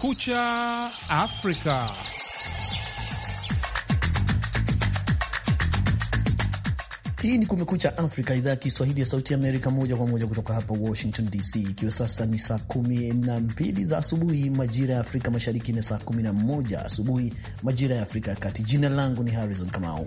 Kumekucha Afrika. Hii ni Kumekucha Afrika, idhaa ya Kiswahili ya Sauti Amerika, moja kwa moja kutoka hapa Washington DC, ikiwa sasa ni saa kumi na mbili za asubuhi majira ya Afrika Mashariki na saa kumi na moja asubuhi majira ya Afrika ya Kati. Jina langu ni Harrison Kamau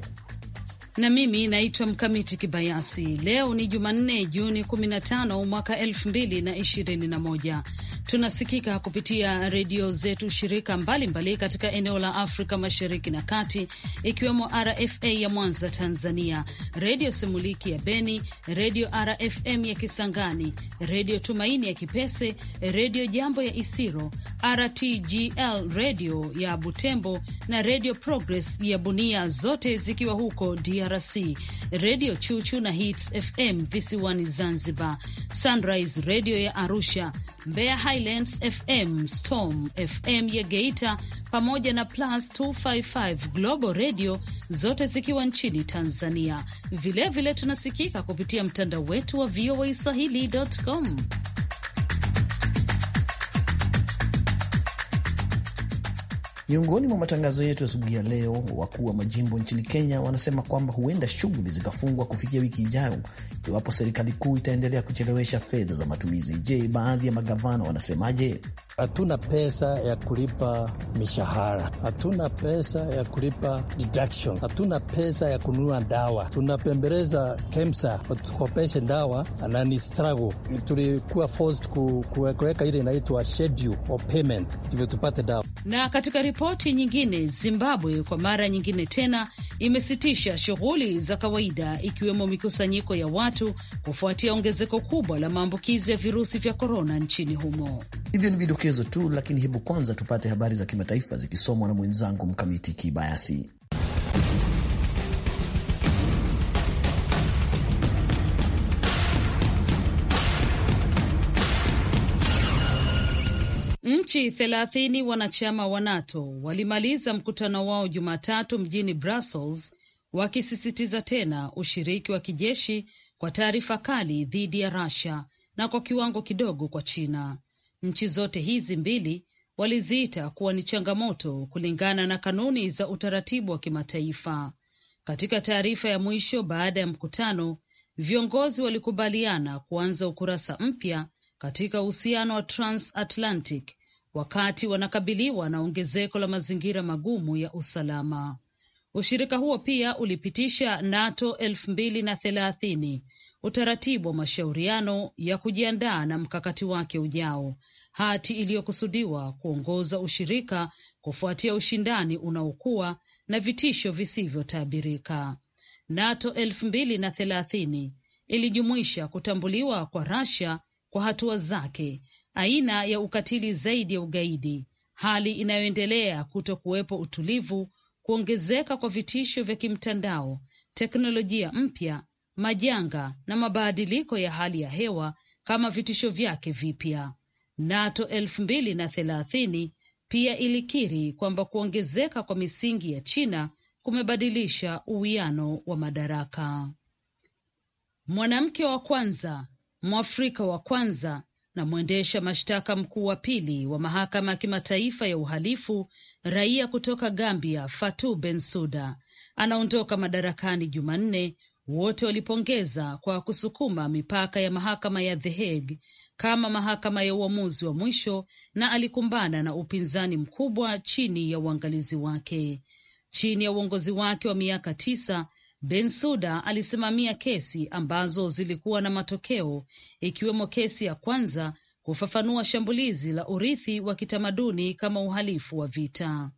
na mimi naitwa Mkamiti Kibayasi. Leo ni Jumanne, Juni 15 mwaka 2021 Tunasikika kupitia redio zetu shirika mbalimbali mbali katika eneo la Afrika Mashariki na Kati, ikiwemo RFA ya Mwanza Tanzania, Redio Semuliki ya Beni, Redio RFM ya Kisangani, Redio Tumaini ya Kipese, Redio Jambo ya Isiro, RTGL Redio ya Butembo na Redio Progress ya Bunia, zote zikiwa huko DRC, Redio Chuchu na Hits FM visiwani Zanzibar, Sunrise Redio ya Arusha, Mbeya Highlands FM, Storm FM ya Geita pamoja na Plus 255 Global Radio, zote zikiwa nchini Tanzania. Vilevile vile tunasikika kupitia mtandao wetu wa VOA Swahili.com. Miongoni mwa matangazo yetu asubuhi ya leo, wakuu wa majimbo nchini Kenya wanasema kwamba huenda shughuli zikafungwa kufikia wiki ijayo iwapo serikali kuu itaendelea kuchelewesha fedha za matumizi. Je, baadhi ya magavana wanasemaje? Hatuna pesa ya kulipa mishahara, hatuna pesa ya kulipa deduction, hatuna pesa ya kununua dawa. Tunapembeleza KEMSA watukopeshe dawa na ni struggle. Tulikuwa forced kuweka ile inaitwa schedule of payment ndivyo tupate dawa. Na katika ripoti nyingine, Zimbabwe kwa mara nyingine tena imesitisha shughuli za kawaida ikiwemo mikusanyiko ya watu kufuatia ongezeko kubwa la maambukizi ya virusi vya korona nchini humo. Hivyo ni vidokezo tu, lakini hebu kwanza tupate habari za kimataifa zikisomwa na mwenzangu Mkamiti Kibayasi. Nchi thelathini wanachama wa NATO walimaliza mkutano wao Jumatatu mjini Brussels wakisisitiza tena ushiriki wa kijeshi kwa taarifa kali dhidi ya Russia na kwa kiwango kidogo kwa China. Nchi zote hizi mbili waliziita kuwa ni changamoto kulingana na kanuni za utaratibu wa kimataifa. Katika taarifa ya mwisho baada ya mkutano, viongozi walikubaliana kuanza ukurasa mpya katika uhusiano wa transatlantic wakati wanakabiliwa na ongezeko la mazingira magumu ya usalama. Ushirika huo pia ulipitisha NATO elfu mbili na thelathini, utaratibu wa mashauriano ya kujiandaa na mkakati wake ujao, hati iliyokusudiwa kuongoza ushirika kufuatia ushindani unaokuwa na vitisho visivyotabirika. NATO elfu mbili na thelathini ilijumuisha kutambuliwa kwa Russia kwa hatua zake aina ya ukatili zaidi ya ugaidi, hali inayoendelea kuto kuwepo utulivu, kuongezeka kwa vitisho vya kimtandao, teknolojia mpya, majanga na mabadiliko ya hali ya hewa kama vitisho vyake vipya. NATO elfu mbili na thelathini pia ilikiri kwamba kuongezeka kwa misingi ya China kumebadilisha uwiano wa madaraka. Mwanamke wa kwanza Mwafrika wa kwanza na mwendesha mashtaka mkuu wa pili wa mahakama ya kimataifa ya uhalifu raia kutoka Gambia Fatu Bensuda, anaondoka madarakani Jumanne. Wote walipongeza kwa kusukuma mipaka ya mahakama ya The Hague kama mahakama ya uamuzi wa mwisho, na alikumbana na upinzani mkubwa chini ya uangalizi wake. Chini ya uongozi wake wa miaka tisa, Bensuda alisimamia kesi ambazo zilikuwa na matokeo, ikiwemo kesi ya kwanza kufafanua shambulizi la urithi wa kitamaduni kama uhalifu wa vita,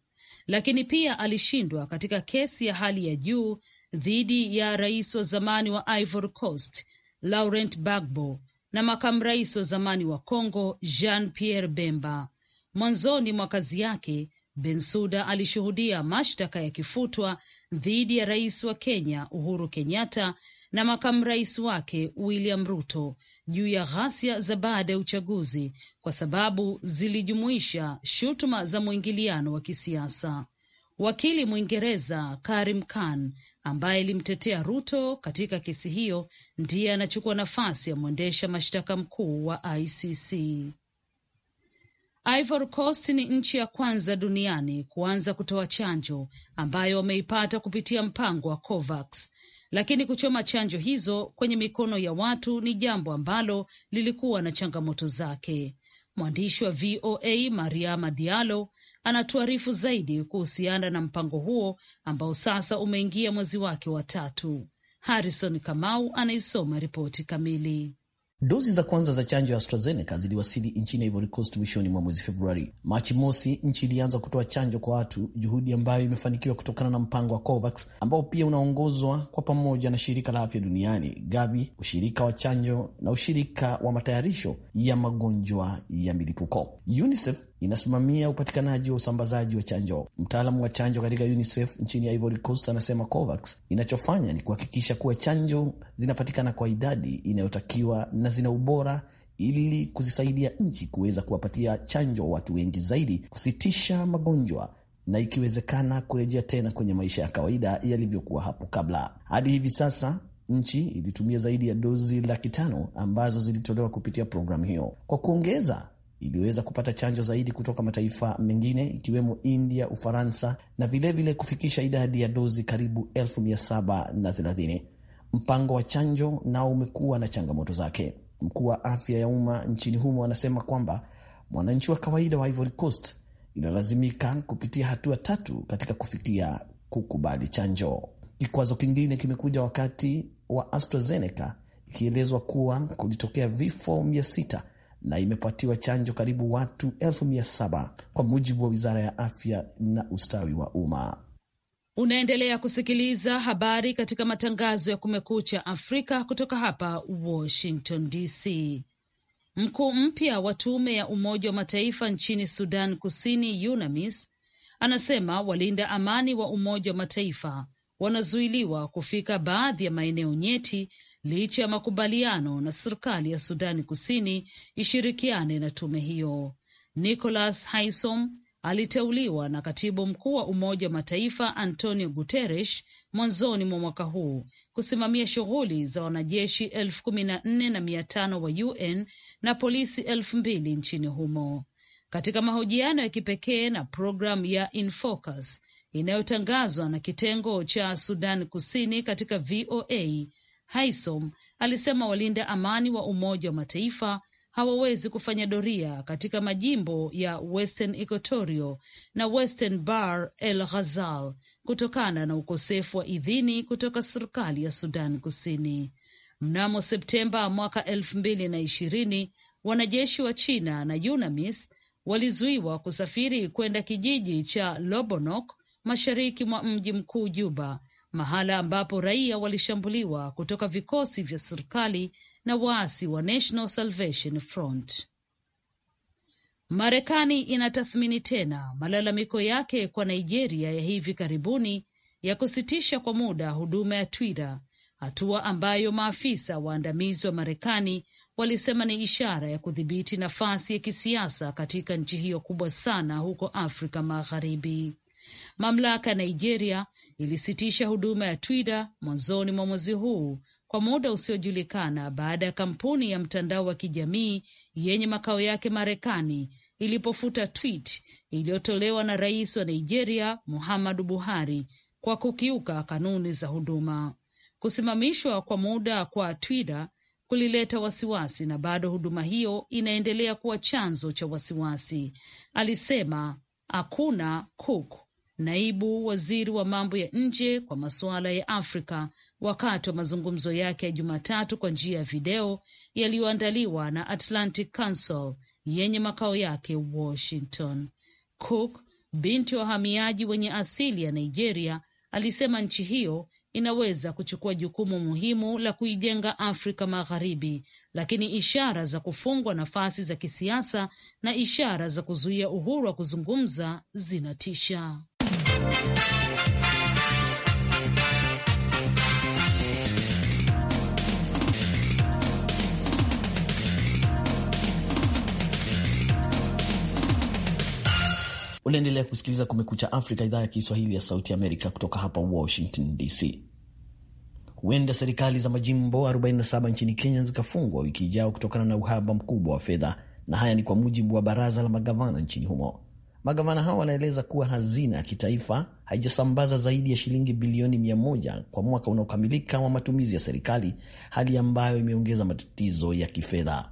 lakini pia alishindwa katika kesi ya hali ya juu dhidi ya rais wa zamani wa Ivory Coast Laurent Gbagbo na makamu rais wa zamani wa Congo Jean Pierre Bemba. Mwanzoni mwa kazi yake Bensuda alishuhudia mashtaka yakifutwa dhidi ya rais wa Kenya Uhuru Kenyatta na makamu rais wake William Ruto juu ya ghasia za baada ya uchaguzi kwa sababu zilijumuisha shutuma za mwingiliano wa kisiasa. Wakili Mwingereza Karim Khan ambaye alimtetea Ruto katika kesi hiyo ndiye anachukua nafasi ya mwendesha mashtaka mkuu wa ICC. Ivory Coast ni nchi ya kwanza duniani kuanza kutoa chanjo ambayo wameipata kupitia mpango wa COVAX, lakini kuchoma chanjo hizo kwenye mikono ya watu ni jambo ambalo lilikuwa na changamoto zake. Mwandishi wa VOA Mariama Diallo anatuarifu zaidi kuhusiana na mpango huo ambao sasa umeingia mwezi wake wa tatu. Harrison Kamau anaisoma ripoti kamili. Dozi za kwanza za chanjo ya AstraZeneca ziliwasili nchini Ivory Coast mwishoni mwa mwezi Februari. Machi mosi, nchi ilianza kutoa chanjo kwa watu, juhudi ambayo imefanikiwa kutokana na mpango wa COVAX ambao pia unaongozwa kwa pamoja na shirika la afya duniani Gavi, ushirika wa chanjo na ushirika wa matayarisho ya magonjwa ya milipuko UNICEF inasimamia upatikanaji wa usambazaji wa chanjo. Mtaalamu wa chanjo katika UNICEF nchini Ivory Coast anasema COVAX inachofanya ni kuhakikisha kuwa chanjo zinapatikana kwa idadi inayotakiwa na zina ubora ili kuzisaidia nchi kuweza kuwapatia chanjo watu wengi zaidi, kusitisha magonjwa na ikiwezekana kurejea tena kwenye maisha ya kawaida yalivyokuwa hapo kabla. Hadi hivi sasa nchi ilitumia zaidi ya dozi laki tano ambazo zilitolewa kupitia programu hiyo. Kwa kuongeza iliweza kupata chanjo zaidi kutoka mataifa mengine ikiwemo India, Ufaransa na vilevile vile kufikisha idadi ya dozi karibu 730,000. Mpango wa chanjo nao umekuwa na changamoto zake. Mkuu wa afya ya umma nchini humo anasema kwamba mwananchi wa kawaida wa Ivory Coast inalazimika kupitia hatua tatu katika kufikia kukubali chanjo. Kikwazo kingine kimekuja wakati wa AstraZeneca, ikielezwa kuwa kulitokea vifo mia sita na imepatiwa chanjo karibu watu elfu mia saba kwa mujibu wa wizara ya afya na ustawi wa umma. Unaendelea kusikiliza habari katika matangazo ya Kumekucha Afrika kutoka hapa Washington DC. Mkuu mpya wa tume ya Umoja wa Mataifa nchini Sudan Kusini, UNAMIS, anasema walinda amani wa Umoja wa Mataifa wanazuiliwa kufika baadhi ya maeneo nyeti licha ya makubaliano na serikali ya Sudani Kusini ishirikiane na tume hiyo. Nicholas Haysom aliteuliwa na katibu mkuu wa Umoja wa Mataifa Antonio Guterres mwanzoni mwa mwaka huu kusimamia shughuli za wanajeshi elfu kumi na nne na mia tano wa UN na polisi elfu mbili nchini humo. Katika mahojiano ya kipekee na programu ya Infocus inayotangazwa na kitengo cha Sudan Kusini katika VOA, Haysom alisema walinda amani wa Umoja wa Mataifa hawawezi kufanya doria katika majimbo ya Western Equatoria na Western Bar El Ghazal kutokana na ukosefu wa idhini kutoka serikali ya Sudan Kusini. Mnamo Septemba mwaka elfu mbili na ishirini, wanajeshi wa China na UNAMIS walizuiwa kusafiri kwenda kijiji cha Lobonok mashariki mwa mji mkuu Juba mahala ambapo raia walishambuliwa kutoka vikosi vya serikali na waasi wa National Salvation Front. Marekani inatathmini tena malalamiko yake kwa Nigeria ya hivi karibuni ya kusitisha kwa muda huduma ya Twitter, hatua ambayo maafisa waandamizi wa Marekani walisema ni ishara ya kudhibiti nafasi ya kisiasa katika nchi hiyo kubwa sana huko Afrika Magharibi. Mamlaka ya Nigeria ilisitisha huduma ya Twitter mwanzoni mwa mwezi huu kwa muda usiojulikana baada ya kampuni ya mtandao wa kijamii yenye makao yake Marekani ilipofuta tweet iliyotolewa na rais wa Nigeria Muhammadu Buhari kwa kukiuka kanuni za huduma. Kusimamishwa kwa muda kwa Twitter kulileta wasiwasi na bado huduma hiyo inaendelea kuwa chanzo cha wasiwasi, alisema Akuna Cook, naibu waziri wa mambo ya nje kwa masuala ya Afrika wakati wa mazungumzo yake ya Jumatatu kwa njia ya video yaliyoandaliwa na Atlantic Council yenye makao yake Washington. Cook, binti wahamiaji wenye asili ya Nigeria, alisema nchi hiyo inaweza kuchukua jukumu muhimu la kuijenga Afrika Magharibi, lakini ishara za kufungwa nafasi za kisiasa na ishara za kuzuia uhuru wa kuzungumza zinatisha. Unaendelea kusikiliza Kumekucha Afrika, idhaa ya Kiswahili ya Sauti Amerika, kutoka hapa Washington DC. Huenda serikali za majimbo 47 nchini Kenya zikafungwa wiki ijao kutokana na uhaba mkubwa wa fedha, na haya ni kwa mujibu wa baraza la magavana nchini humo. Magavana hao wanaeleza kuwa hazina ya kitaifa haijasambaza zaidi ya shilingi bilioni mia moja kwa mwaka unaokamilika wa matumizi ya serikali, hali ambayo imeongeza matatizo ya kifedha.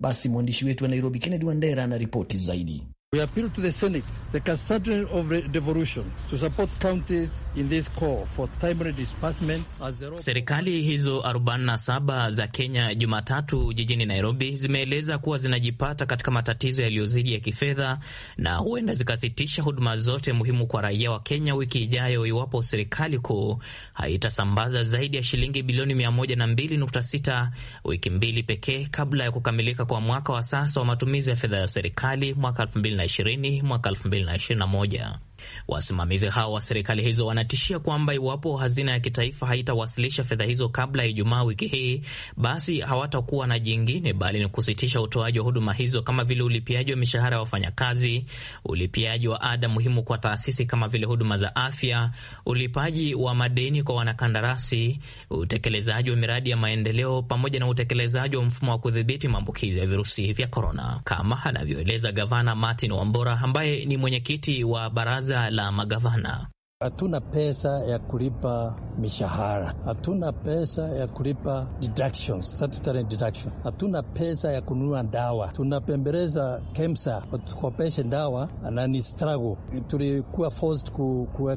Basi mwandishi wetu wa Nairobi, Kennedy Wandera, ana ripoti zaidi. We appeal to the Senate, the custodian of devolution, to support counties in this call for timely disbursement as the... Serikali hizo 47 za Kenya Jumatatu jijini Nairobi zimeeleza kuwa zinajipata katika matatizo yaliyozidi ya kifedha na huenda zikasitisha huduma zote muhimu kwa raia wa Kenya wiki ijayo iwapo serikali kuu haitasambaza zaidi ya shilingi bilioni 102.6 wiki mbili pekee kabla ya kukamilika kwa mwaka wa sasa wa matumizi ya fedha ya serikali mwaka 2020 mwaka 2021. Wasimamizi hao wa serikali hizo wanatishia kwamba iwapo hazina ya kitaifa haitawasilisha fedha hizo kabla ya Ijumaa wiki hii, basi hawatakuwa na jingine bali ni kusitisha utoaji wa huduma hizo kama vile ulipiaji wa mishahara ya wafanyakazi, ulipiaji wa ada muhimu kwa taasisi kama vile huduma za afya, ulipaji wa madeni kwa wanakandarasi, utekelezaji wa miradi ya maendeleo, pamoja na utekelezaji wa mfumo wa kudhibiti maambukizi ya virusi vya korona, kama anavyoeleza Gavana Martin Wambora ambaye ni mwenyekiti wa baraza baraza la magavana. Hatuna pesa ya kulipa mishahara, hatuna pesa ya kulipa deductions, statutory deduction, hatuna pesa ya kununua dawa. Tunapembeleza KEMSA watukopeshe dawa na ni struggle. Tulikuwa forced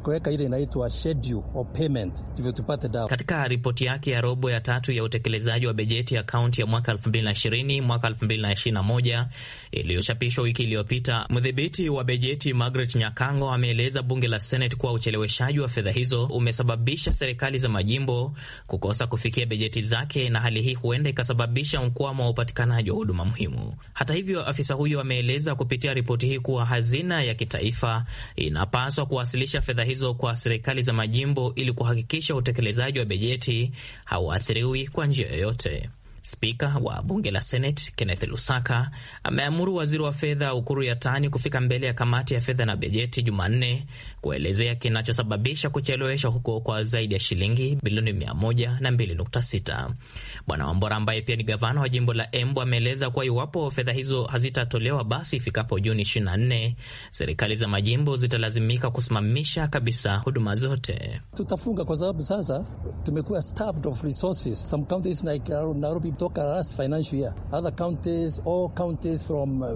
kuweka ile inaitwa schedule of payment ndivyo tupate dawa. Katika ripoti yake ya robo ya tatu ya utekelezaji wa bajeti ya kaunti ya mwaka 2020 mwaka 2021 iliyochapishwa wiki iliyopita, mdhibiti wa bajeti Margaret Nyakango ameeleza bunge la Senate kuwa ucheleweshaji wa fedha hizo umesababisha serikali za majimbo kukosa kufikia bajeti zake, na hali hii huenda ikasababisha mkwamo wa upatikanaji wa huduma muhimu. Hata hivyo, afisa huyo ameeleza kupitia ripoti hii kuwa hazina ya kitaifa inapaswa kuwasilisha fedha hizo kwa serikali za majimbo ili kuhakikisha utekelezaji wa bajeti hauathiriwi kwa njia yoyote. Spika wa bunge la Senate Kenneth Lusaka ameamuru waziri wa fedha Ukuru Yatani kufika mbele ya kamati ya fedha na bajeti Jumanne kuelezea kinachosababisha kuchelewesha huko kwa zaidi ya shilingi bilioni 102.6. Bwana Wambora ambaye pia ni gavana wa jimbo la Embu ameeleza kuwa iwapo fedha hizo hazitatolewa, basi ifikapo Juni 24 serikali za majimbo zitalazimika kusimamisha kabisa huduma zote. Tutafunga kwa sababu sasa tumekuwa of resources. Some counties like Nairobi toka last financial year other counties all counties from uh,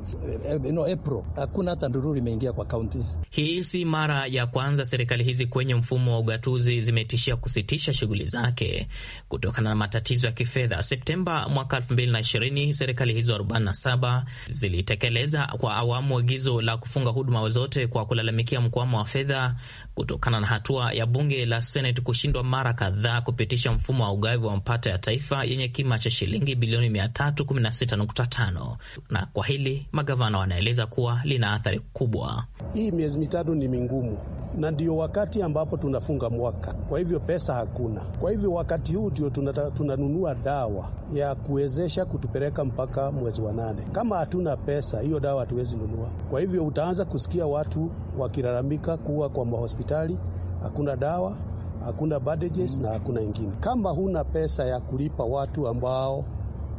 you know, April hakuna hata ndururu imeingia kwa counties. Hii si mara ya kwanza serikali hizi kwenye mfumo wa ugatuzi zimetishia kusitisha shughuli zake kutokana na matatizo ya kifedha. Septemba mwaka 2020 serikali hizo 47 zilitekeleza kwa awamu agizo la kufunga huduma zote kwa kulalamikia mkwamo wa fedha kutokana na hatua ya bunge la Senate kushindwa mara kadhaa kupitisha mfumo wa ugavi wa mapato ya taifa yenye kima cha shilingi bilioni 316.5, na kwa hili magavana wanaeleza kuwa lina athari kubwa. Hii miezi mitatu ni mingumu na ndio wakati ambapo tunafunga mwaka, kwa hivyo pesa hakuna. Kwa hivyo wakati huu ndio tunanunua dawa ya kuwezesha kutupeleka mpaka mwezi wa nane. Kama hatuna pesa, hiyo dawa hatuwezi nunua. Kwa hivyo utaanza kusikia watu wakilalamika kuwa kwa mahospitali hakuna dawa hakuna bandages na hakuna ingine. Kama huna pesa ya kulipa watu ambao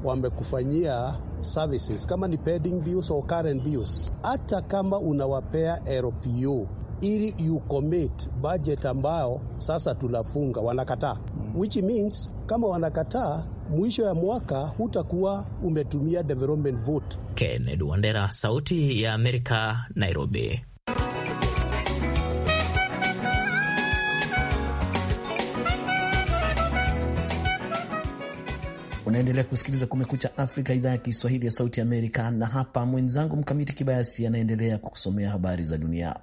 wamekufanyia services, kama ni pending bills au current bills, hata kama unawapea RPO ili you commit budget ambao sasa tunafunga, wanakataa, mm. which means kama wanakataa mwisho ya mwaka hutakuwa umetumia development vote. Kennedy Wandera, Sauti ya Amerika, Nairobi. Unaendelea kusikiliza Kumekucha Afrika, idhaa ya Kiswahili ya Sauti Amerika, na hapa mwenzangu Mkamiti Kibayasi anaendelea kukusomea habari za dunia.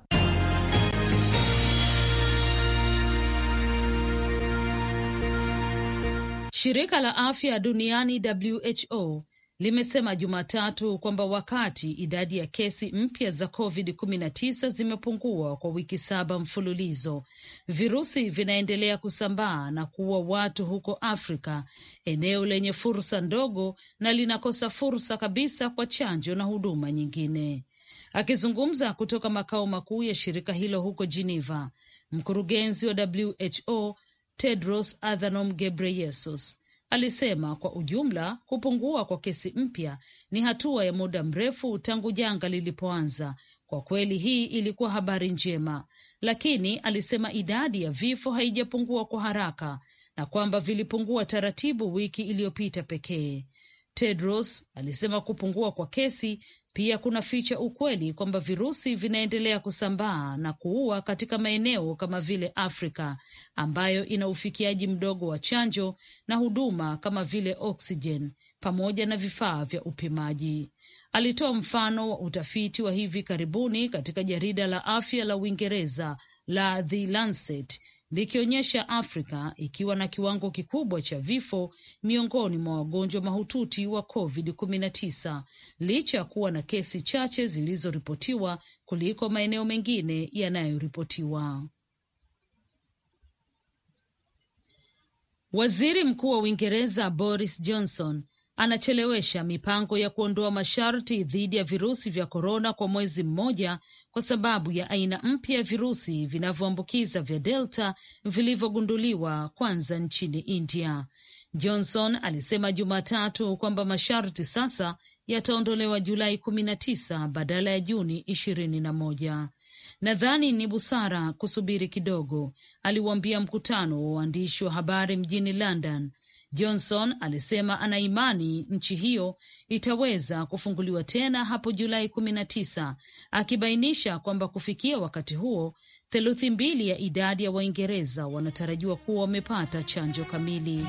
Shirika la afya duniani WHO limesema Jumatatu kwamba wakati idadi ya kesi mpya za COVID-19 zimepungua kwa wiki saba mfululizo, virusi vinaendelea kusambaa na kuua watu huko Afrika, eneo lenye fursa ndogo na linakosa fursa kabisa kwa chanjo na huduma nyingine. Akizungumza kutoka makao makuu ya shirika hilo huko Geneva, mkurugenzi wa WHO Tedros Adhanom Ghebreyesus alisema kwa ujumla kupungua kwa kesi mpya ni hatua ya muda mrefu tangu janga lilipoanza. Kwa kweli hii ilikuwa habari njema, lakini alisema idadi ya vifo haijapungua kwa haraka na kwamba vilipungua taratibu wiki iliyopita pekee. Tedros alisema kupungua kwa kesi pia kuna ficha ukweli kwamba virusi vinaendelea kusambaa na kuua katika maeneo kama vile Afrika ambayo ina ufikiaji mdogo wa chanjo na huduma kama vile oksijen pamoja na vifaa vya upimaji. Alitoa mfano wa utafiti wa hivi karibuni katika jarida la afya la Uingereza la The Lancet likionyesha Afrika ikiwa na kiwango kikubwa cha vifo miongoni mwa wagonjwa mahututi wa COVID-19 licha ya kuwa na kesi chache zilizoripotiwa kuliko maeneo mengine yanayoripotiwa. Waziri Mkuu wa Uingereza Boris Johnson anachelewesha mipango ya kuondoa masharti dhidi ya virusi vya korona kwa mwezi mmoja kwa sababu ya aina mpya ya virusi vinavyoambukiza vya Delta vilivyogunduliwa kwanza nchini India. Johnson alisema Jumatatu kwamba masharti sasa yataondolewa Julai kumi na tisa badala ya Juni ishirini na moja. Nadhani ni busara kusubiri kidogo, aliwaambia mkutano wa waandishi wa habari mjini London Johnson alisema ana imani nchi hiyo itaweza kufunguliwa tena hapo Julai kumi na tisa, akibainisha kwamba kufikia wakati huo theluthi mbili ya idadi ya Waingereza wanatarajiwa kuwa wamepata chanjo kamili.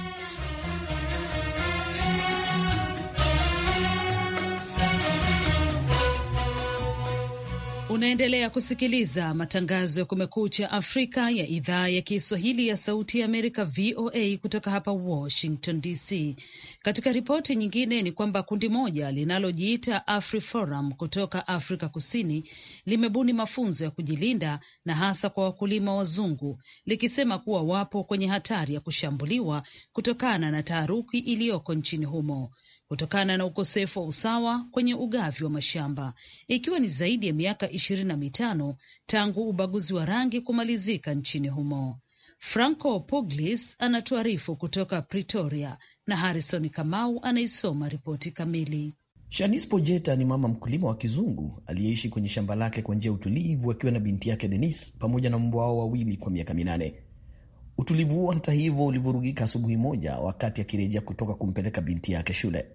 Unaendelea kusikiliza matangazo ya Kumekucha Afrika ya idhaa ya Kiswahili ya Sauti ya Amerika, VOA, kutoka hapa Washington DC. Katika ripoti nyingine ni kwamba kundi moja linalojiita AfriForum kutoka Afrika Kusini limebuni mafunzo ya kujilinda na hasa kwa wakulima wazungu, likisema kuwa wapo kwenye hatari ya kushambuliwa kutokana na taharuki iliyoko nchini humo kutokana na ukosefu wa usawa kwenye ugavi wa mashamba, ikiwa ni zaidi ya miaka ishirini na mitano tangu ubaguzi wa rangi kumalizika nchini humo. Franco Puglis anatuarifu kutoka Pretoria na Harrison Kamau anaisoma ripoti kamili. Shanis Pojeta ni mama mkulima wa kizungu aliyeishi kwenye shamba lake kwa njia ya utulivu akiwa na binti yake Denis pamoja na mbwa wao wawili kwa miaka minane. Utulivu huo hata hivyo ulivurugika asubuhi moja wakati akirejea kutoka kumpeleka binti yake shule.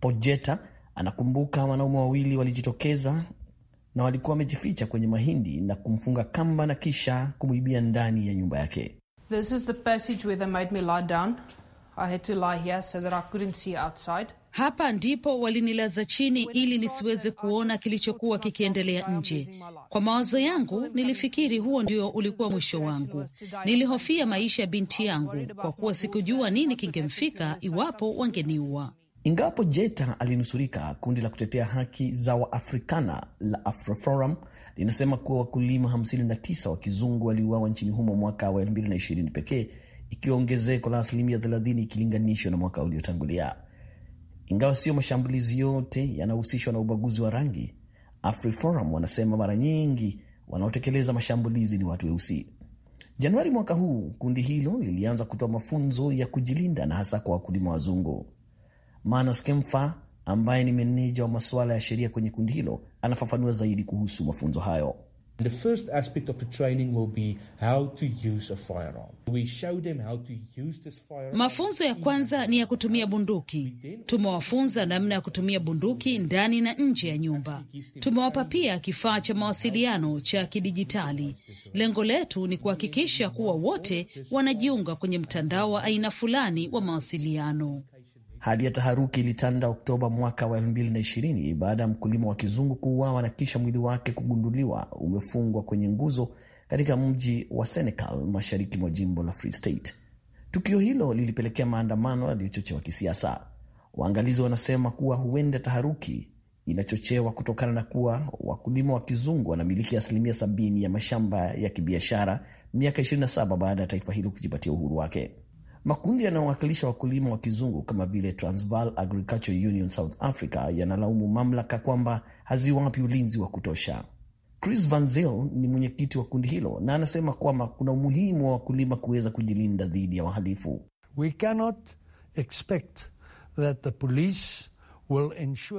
Pojeta anakumbuka wanaume wawili walijitokeza na walikuwa wamejificha kwenye mahindi na kumfunga kamba na kisha kumwibia ndani ya nyumba yake. This is the passage where they made me lie down. I had to lie here so that I couldn't see outside. Hapa ndipo walinilaza chini ili nisiweze kuona kilichokuwa kikiendelea nje. Kwa mawazo yangu, nilifikiri huo ndio ulikuwa mwisho wangu. Nilihofia maisha ya binti yangu kwa kuwa sikujua nini kingemfika iwapo wangeniua. Ingawapo Jeta alinusurika, kundi la kutetea haki za Waafrikana la Afroforum linasema kuwa wakulima 59 wa kizungu waliuawa nchini humo mwaka wa 2020 pekee, ikiwa ongezeko la asilimia 30 ikilinganishwa na mwaka uliotangulia. Ingawa sio mashambulizi yote yanahusishwa na ubaguzi wa rangi, AfriForum wanasema mara nyingi wanaotekeleza mashambulizi ni watu weusi. Januari mwaka huu kundi hilo lilianza kutoa mafunzo ya kujilinda na hasa kwa wakulima wazungu. Manas Kemfa ambaye ni meneja wa masuala ya sheria kwenye kundi hilo anafafanua zaidi kuhusu mafunzo hayo. The first aspect of the training will be how to use a firearm. We show them how to use this firearm. Mafunzo ya kwanza ni ya kutumia bunduki. Tumewafunza namna ya kutumia bunduki ndani na nje ya nyumba. Tumewapa pia kifaa cha mawasiliano cha kidijitali. Lengo letu ni kuhakikisha kuwa wote wanajiunga kwenye mtandao wa aina fulani wa mawasiliano. Hali ya taharuki ilitanda Oktoba mwaka wa 2020 baada ya mkulima wa kizungu kuuawa na kisha mwili wake kugunduliwa umefungwa kwenye nguzo katika mji wa Senegal, mashariki mwa jimbo la Free State. Tukio hilo lilipelekea maandamano yaliyochochewa kisiasa. Waangalizi wanasema kuwa huenda taharuki inachochewa kutokana na kuwa wakulima wa kizungu wanamiliki asilimia sabini ya mashamba ya kibiashara miaka 27 baada ya taifa hilo kujipatia uhuru wake. Makundi yanayowakilisha wakulima wa kizungu kama vile Transvaal Agriculture Union South Africa yanalaumu mamlaka kwamba haziwapi ulinzi wa kutosha. Chris Van Zyl ni mwenyekiti wa kundi hilo na anasema kwamba kuna umuhimu wa wakulima kuweza kujilinda dhidi ya wahalifu. We cannot expect that the police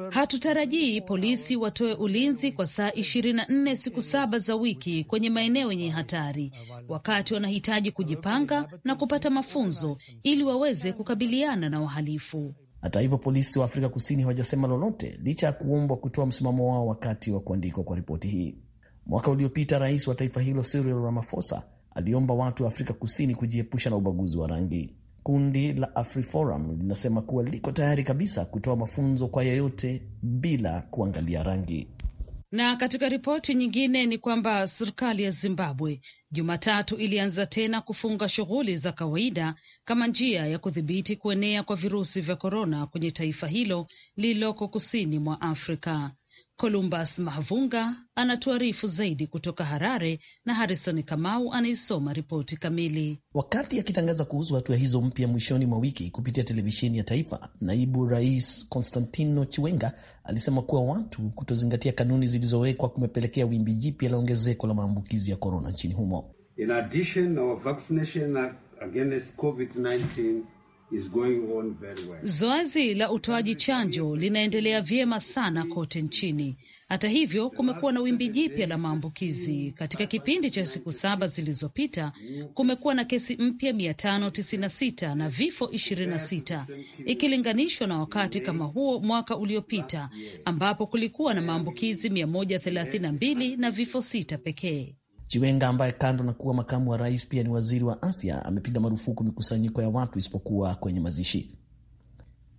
Hatutarajii polisi watoe ulinzi kwa saa 24 siku saba za wiki kwenye maeneo yenye hatari, wakati wanahitaji kujipanga na kupata mafunzo ili waweze kukabiliana na wahalifu. Hata hivyo, polisi wa Afrika Kusini hawajasema lolote licha ya kuombwa kutoa msimamo wao wakati wa kuandikwa kwa ripoti hii. Mwaka uliopita rais wa taifa hilo Cyril Ramaphosa aliomba watu wa Afrika Kusini kujiepusha na ubaguzi wa rangi. Kundi la AfriForum linasema kuwa liko tayari kabisa kutoa mafunzo kwa yeyote bila kuangalia rangi. Na katika ripoti nyingine ni kwamba serikali ya Zimbabwe Jumatatu ilianza tena kufunga shughuli za kawaida kama njia ya kudhibiti kuenea kwa virusi vya korona kwenye taifa hilo lililoko kusini mwa Afrika. Columbus Mahvunga anatuarifu zaidi kutoka Harare na Harrison Kamau anaisoma ripoti kamili. Wakati akitangaza kuhusu hatua hizo mpya mwishoni mwa wiki kupitia televisheni ya taifa, naibu rais Constantino Chiwenga alisema kuwa watu kutozingatia kanuni zilizowekwa kumepelekea wimbi jipya la ongezeko la maambukizi ya korona nchini humo. In addition, our vaccination against COVID-19 is going on very well. Zoezi la utoaji chanjo linaendelea vyema sana kote nchini. Hata hivyo kumekuwa na wimbi jipya la maambukizi katika kipindi cha siku saba zilizopita. Kumekuwa na kesi mpya 596 na sita na vifo 26 sita ikilinganishwa na wakati kama huo mwaka uliopita ambapo kulikuwa na maambukizi 132 na na vifo sita pekee. Chiwenga ambaye kando na kuwa makamu wa rais pia ni waziri wa afya amepiga marufuku mikusanyiko ya watu isipokuwa kwenye mazishi.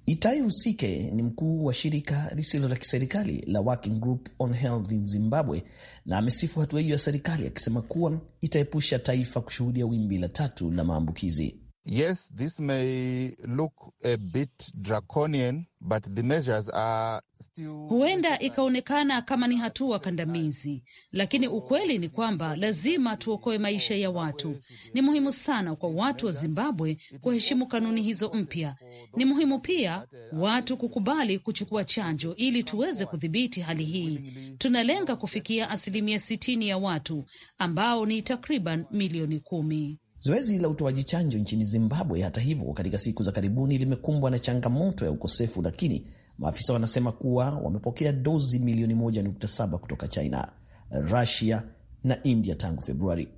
Itai Rusike ni mkuu wa shirika lisilo la kiserikali la Working Group on Health in Zimbabwe na amesifu hatua hiyo ya serikali akisema kuwa itaepusha taifa kushuhudia wimbi la tatu la maambukizi. Yes, this may look a bit draconian, but the measures are still... Huenda ikaonekana kama ni hatua kandamizi, lakini ukweli ni kwamba lazima tuokoe maisha ya watu. Ni muhimu sana kwa watu wa Zimbabwe kuheshimu kanuni hizo mpya. Ni muhimu pia watu kukubali kuchukua chanjo ili tuweze kudhibiti hali hii. Tunalenga kufikia asilimia sitini ya watu ambao ni takriban milioni kumi. Zoezi la utoaji chanjo nchini Zimbabwe, hata hivyo, katika siku za karibuni limekumbwa na changamoto ya ukosefu, lakini maafisa wanasema kuwa wamepokea dozi milioni 1.7 kutoka China, Rusia na India tangu Februari.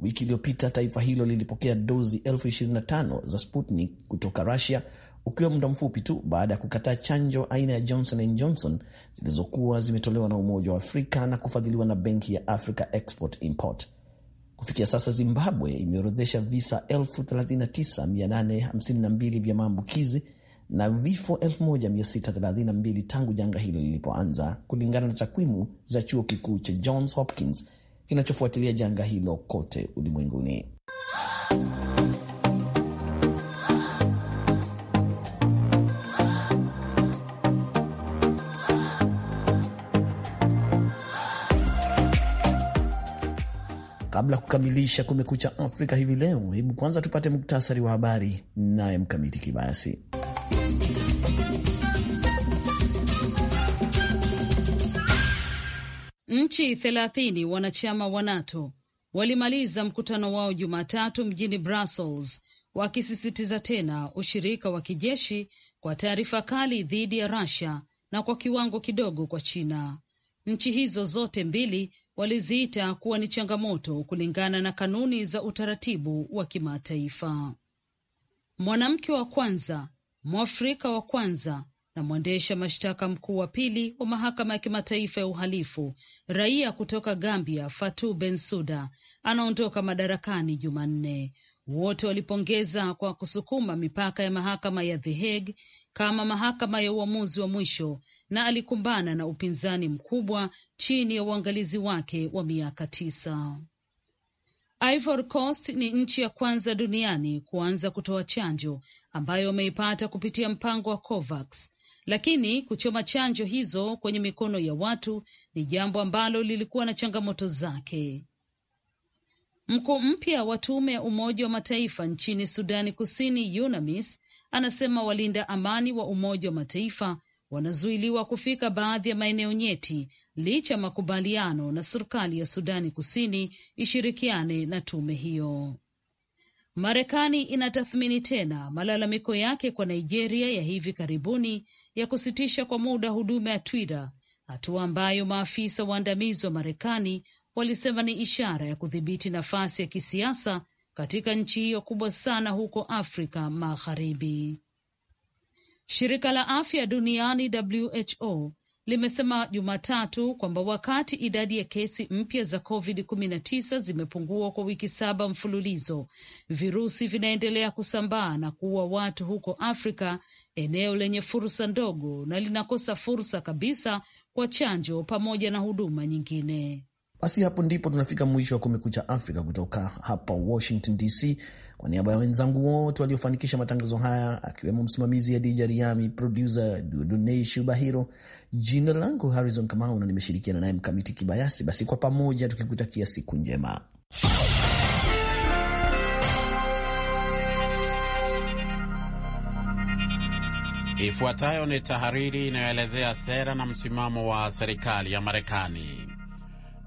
Wiki iliyopita taifa hilo lilipokea dozi 25 za Sputnik kutoka Rusia, ukiwa muda mfupi tu baada ya kukataa chanjo aina ya Johnson and Johnson zilizokuwa zimetolewa na Umoja wa Afrika na kufadhiliwa na Benki ya Africa Export Import. Kufikia sasa Zimbabwe imeorodhesha visa 39852 vya maambukizi na vifo 1632 tangu janga hilo lilipoanza, kulingana na takwimu za chuo kikuu cha Johns Hopkins kinachofuatilia janga hilo kote ulimwenguni. Kabla ya kukamilisha Kumekucha Afrika hivi leo, hebu kwanza tupate muktasari wa habari naye Mkamiti Kibayasi. Nchi thelathini wanachama wa NATO walimaliza mkutano wao Jumatatu mjini Brussels, wakisisitiza tena ushirika wa kijeshi kwa taarifa kali dhidi ya Russia na kwa kiwango kidogo kwa China. Nchi hizo zote mbili waliziita kuwa ni changamoto kulingana na kanuni za utaratibu wa kimataifa. Mwanamke wa kwanza Mwafrika wa kwanza na mwendesha mashtaka mkuu wa pili wa mahakama ya kimataifa ya uhalifu, raia kutoka Gambia Fatu Bensuda, anaondoka madarakani Jumanne. Wote walipongeza kwa kusukuma mipaka ya mahakama ya The Hague kama mahakama ya uamuzi wa mwisho na alikumbana na upinzani mkubwa chini ya uangalizi wake wa miaka tisa. Ivory Coast ni nchi ya kwanza duniani kuanza kutoa chanjo ambayo wameipata kupitia mpango wa COVAX, lakini kuchoma chanjo hizo kwenye mikono ya watu ni jambo ambalo lilikuwa na changamoto zake. Mkuu mpya wa tume ya Umoja wa Mataifa nchini Sudani Kusini, UNAMIS, anasema walinda amani wa Umoja wa Mataifa wanazuiliwa kufika baadhi ya maeneo nyeti licha ya makubaliano na serikali ya Sudani Kusini ishirikiane na tume hiyo. Marekani inatathmini tena malalamiko yake kwa Nigeria ya hivi karibuni ya kusitisha kwa muda huduma ya Twitter, hatua ambayo maafisa waandamizi wa Marekani walisema ni ishara ya kudhibiti nafasi ya kisiasa katika nchi hiyo kubwa sana huko Afrika Magharibi. Shirika la afya duniani WHO limesema Jumatatu kwamba wakati idadi ya kesi mpya za COVID-19 zimepungua kwa wiki saba mfululizo, virusi vinaendelea kusambaa na kuua watu huko Afrika, eneo lenye fursa ndogo na linakosa fursa kabisa kwa chanjo pamoja na huduma nyingine. Basi hapo ndipo tunafika mwisho wa Kumekucha Afrika kutoka hapa Washington DC. Kwa niaba ya wenzangu wote waliofanikisha matangazo haya, akiwemo msimamizi Adija Riami, produsa Dudunei Shubahiro, jina langu Harrison Kamau na nimeshirikiana naye Mkamiti Kibayasi. Basi kwa pamoja tukikutakia siku njema. Ifuatayo ni tahariri inayoelezea sera na msimamo wa serikali ya Marekani.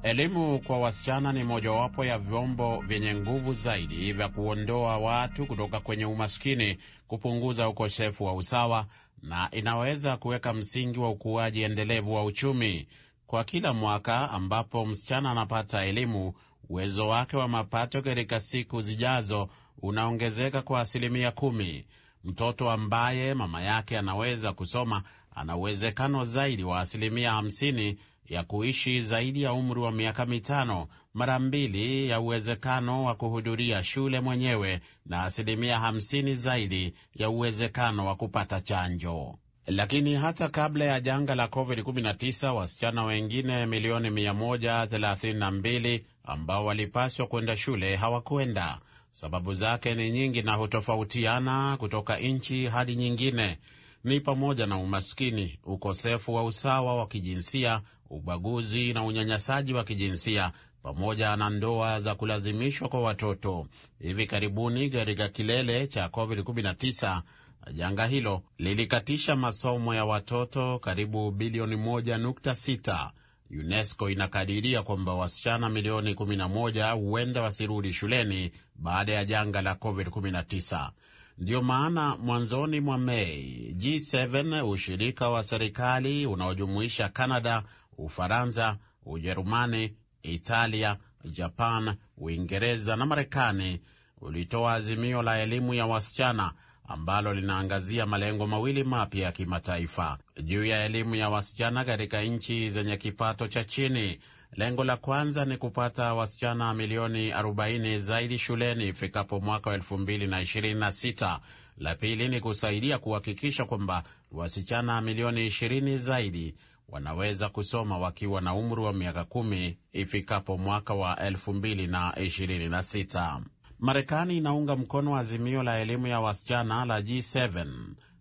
Elimu kwa wasichana ni mojawapo ya vyombo vyenye nguvu zaidi vya kuondoa watu kutoka kwenye umaskini, kupunguza ukosefu wa usawa na inaweza kuweka msingi wa ukuaji endelevu wa uchumi. Kwa kila mwaka ambapo msichana anapata elimu, uwezo wake wa mapato katika siku zijazo unaongezeka kwa asilimia kumi. Mtoto ambaye mama yake anaweza kusoma ana uwezekano zaidi wa asilimia hamsini ya kuishi zaidi ya umri wa miaka mitano, mara mbili ya uwezekano wa kuhudhuria shule mwenyewe na asilimia hamsini zaidi ya uwezekano wa kupata chanjo. Lakini hata kabla ya janga la COVID-19, wasichana wengine milioni 132 ambao walipaswa kwenda shule hawakwenda. Sababu zake ni nyingi na hutofautiana kutoka nchi hadi nyingine ni pamoja na umaskini, ukosefu wa usawa wa kijinsia, ubaguzi na unyanyasaji wa kijinsia pamoja na ndoa za kulazimishwa kwa watoto. Hivi karibuni katika kilele cha COVID-19, janga hilo lilikatisha masomo ya watoto karibu bilioni 1.6. UNESCO inakadiria kwamba wasichana milioni 11 huenda wasirudi shuleni baada ya janga la COVID-19. Ndiyo maana mwanzoni mwa Mei, G7 ushirika wa serikali unaojumuisha Kanada, Ufaransa, Ujerumani, Italia, Japan, Uingereza na Marekani ulitoa azimio la elimu ya wasichana ambalo linaangazia malengo mawili mapya ya kimataifa juu ya elimu ya wasichana katika nchi zenye kipato cha chini Lengo la kwanza ni kupata wasichana milioni 40 zaidi shuleni ifikapo mwaka wa 2026. La pili ni kusaidia kuhakikisha kwamba wasichana milioni 20 zaidi wanaweza kusoma wakiwa na umri wa miaka kumi ifikapo mwaka wa 2026. Marekani inaunga mkono azimio la elimu ya wasichana la G7.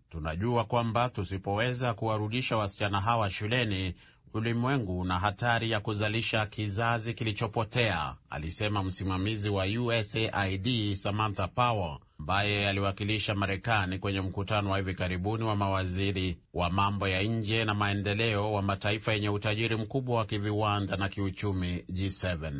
Tunajua kwamba tusipoweza kuwarudisha wasichana hawa shuleni ulimwengu una hatari ya kuzalisha kizazi kilichopotea, alisema msimamizi wa USAID Samantha Power ambaye aliwakilisha Marekani kwenye mkutano wa hivi karibuni wa mawaziri wa mambo ya nje na maendeleo wa mataifa yenye utajiri mkubwa wa kiviwanda na kiuchumi G7.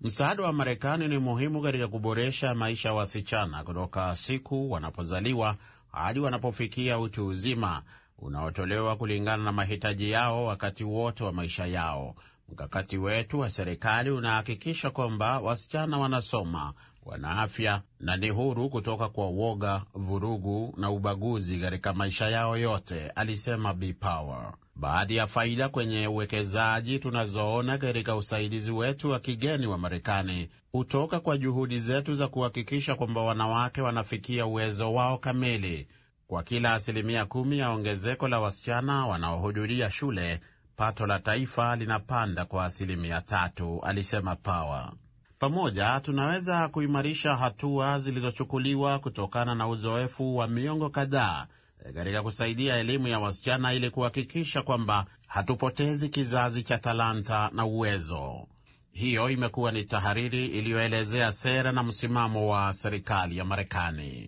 Msaada wa Marekani ni muhimu katika kuboresha maisha ya wasichana kutoka siku wanapozaliwa hadi wanapofikia utu uzima unaotolewa kulingana na mahitaji yao wakati wote wa maisha yao. Mkakati wetu wa serikali unahakikisha kwamba wasichana wanasoma, wana afya na ni huru kutoka kwa woga, vurugu na ubaguzi katika maisha yao yote, alisema B Power. Baadhi ya faida kwenye uwekezaji tunazoona katika usaidizi wetu wa kigeni wa Marekani hutoka kwa juhudi zetu za kuhakikisha kwamba wanawake wanafikia uwezo wao kamili kwa kila asilimia kumi ya ongezeko la wasichana wanaohudhuria shule, pato la taifa linapanda kwa asilimia tatu, alisema Power. Pamoja tunaweza kuimarisha hatua zilizochukuliwa kutokana na uzoefu wa miongo kadhaa eh, katika kusaidia elimu ya wasichana ili kuhakikisha kwamba hatupotezi kizazi cha talanta na uwezo. Hiyo imekuwa ni tahariri iliyoelezea sera na msimamo wa serikali ya Marekani.